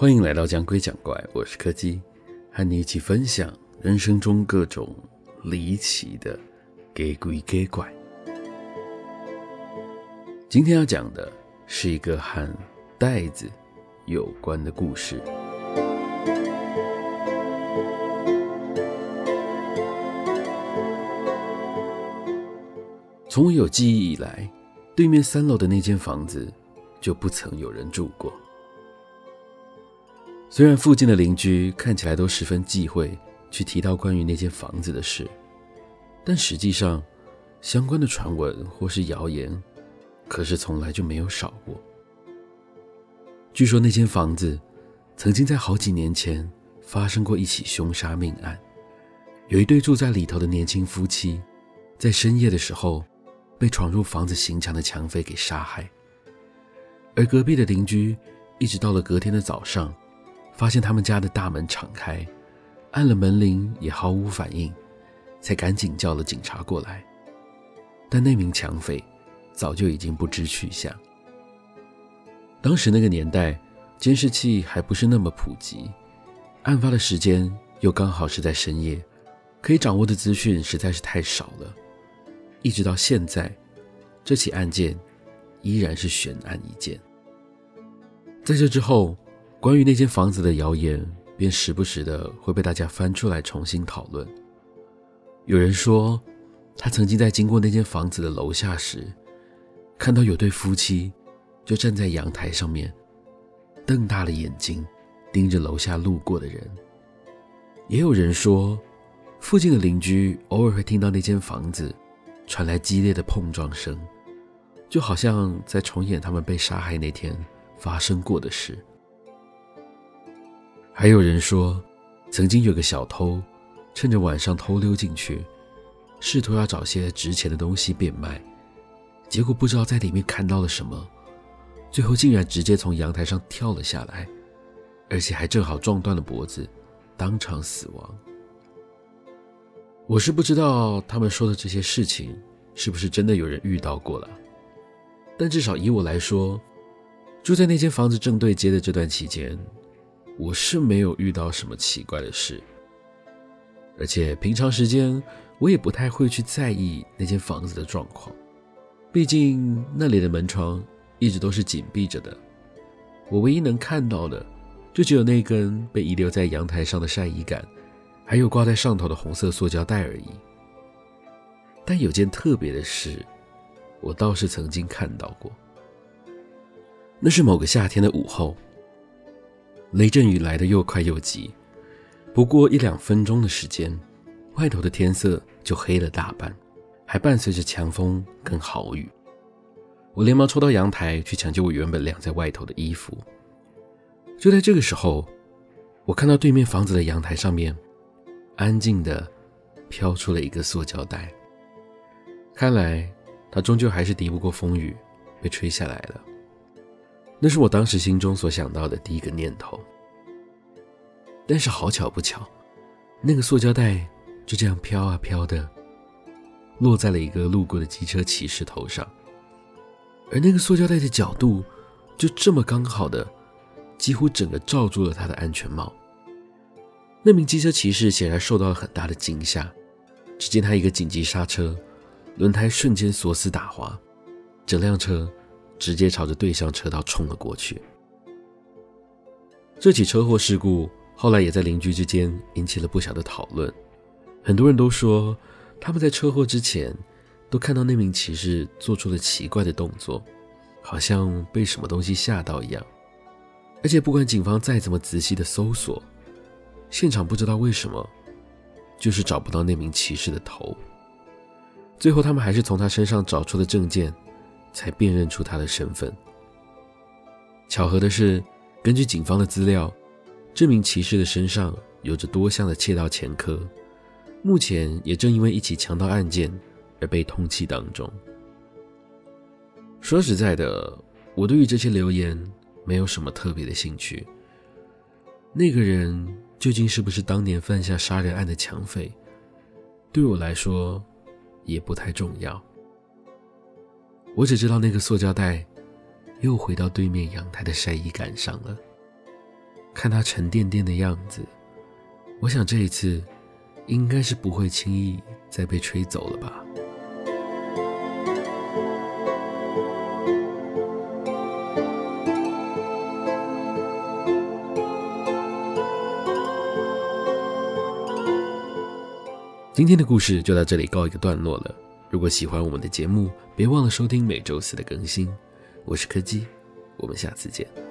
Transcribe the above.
歡迎來到講鬼講怪，我是柯基，和你一起分享人生中各種離奇的給鬼給怪。今天要講的是一個和袋子有關的故事。從我有記憶以來，對面三樓的那間房子就不曾有人住過。雖然附近的鄰居看起來都十分忌諱去提到關於那間房子的事，但實際上，相關的傳聞或是謠言可是從來就沒有少過。據說那間房子曾經在好幾年前發生過一起凶殺命案，有一對住在裡頭的年輕夫妻，在深夜的時候被闖入房子行搶的強匪給殺害，而隔壁的鄰居一直到了隔天的早上。發現他們家的大門敞開，按了門鈴也毫無反應，才趕緊叫了警察過來。但那名搶匪早就已經不知去向。當時那個年代，監視器還不是那麼普及，案發的時間又剛好是在深夜，可以掌握的資訊實在是太少了。一直到現在，這起案件依然是懸案一件。在這之後，關於那間房子的謠言，便時不時的會被大家翻出來重新討論。有人說，他曾經在經過那間房子的樓下時，看到有對夫妻就站在陽台上面，瞪大了眼睛盯着樓下路過的人。也有人說，附近的鄰居偶爾會聽到那間房子傳來激烈的碰撞聲，就好像在重演他們被殺害那天發生過的事。還有人說，曾經有個小偷，趁着晚上偷溜進去，試圖要找些值錢的東西變賣，結果不知道在裡面看到了什麼，最後竟然直接從陽台上跳了下來，而且還正好撞斷了脖子，當場死亡。我是不知道他們說的這些事情是不是真的有人遇到過了，但至少以我來說，住在那間房子正對街的這段期間，我是沒有遇到什麼奇怪的事，而且平常時間我也不太會去在意那間房子的狀況，畢竟那裡的門窗一直都是緊閉着的。我唯一能看到的，就只有那根被遺留在陽台上的曬衣桿，還有掛在上頭的紅色塑膠袋而已。但有件特別的事，我倒是曾經看到過。那是某個夏天的午後。雷陣雨來得又快又急，不過一兩分鐘的時間，外頭的天色就黑了大半，還伴隨着強風跟豪雨。我連忙衝到陽台去搶救我原本晾在外頭的衣服。就在這個時候，我看到對面房子的陽台上面，安靜的飄出了一個塑膠袋。看來，它終究還是敵不過風雨，被吹下來了。那是我當時心中所想到的第一個念頭。但是好巧不巧，那個塑膠袋就這樣飄啊飄的，落在了一個路過的機車騎士頭上，而那個塑膠袋的角度，就這麼剛好的，幾乎整個罩住了他的安全帽。那名機車騎士顯然受到了很大的驚嚇，只見他一個緊急剎車，輪胎瞬間鎖死打滑，整輛車。直接朝着對向車道衝了過去。這起車禍事故後來也在鄰居之間引起了不小的討論。很多人都說，他們在車禍之前都看到那名騎士做出了奇怪的動作，好像被什麼東西嚇到一樣。而且，不管警方再怎麼仔細的搜索，現場不知道為什麼就是找不到那名騎士的頭。最後，他們還是從他身上找出了證件。才辨認出他的身份。巧合的是，根據警方的資料，這名騎士的身上有着多項的竊盜前科，目前也正因為一起強盜案件而被通緝當中。說實在的，我對於這些流言沒有什麼特別的興趣。那個人究竟是不是當年犯下殺人案的搶匪，對我來說也不太重要。我只知道那個塑膠袋，又回到對面陽台的曬衣桿上了。看它沉甸甸的樣子，我想這一次，應該是不會輕易再被吹走了吧。今天的故事就到這裡告一個段落了。如果喜歡我們的節目，別忘了收聽每周四的更新。我是柯基，我們下次見。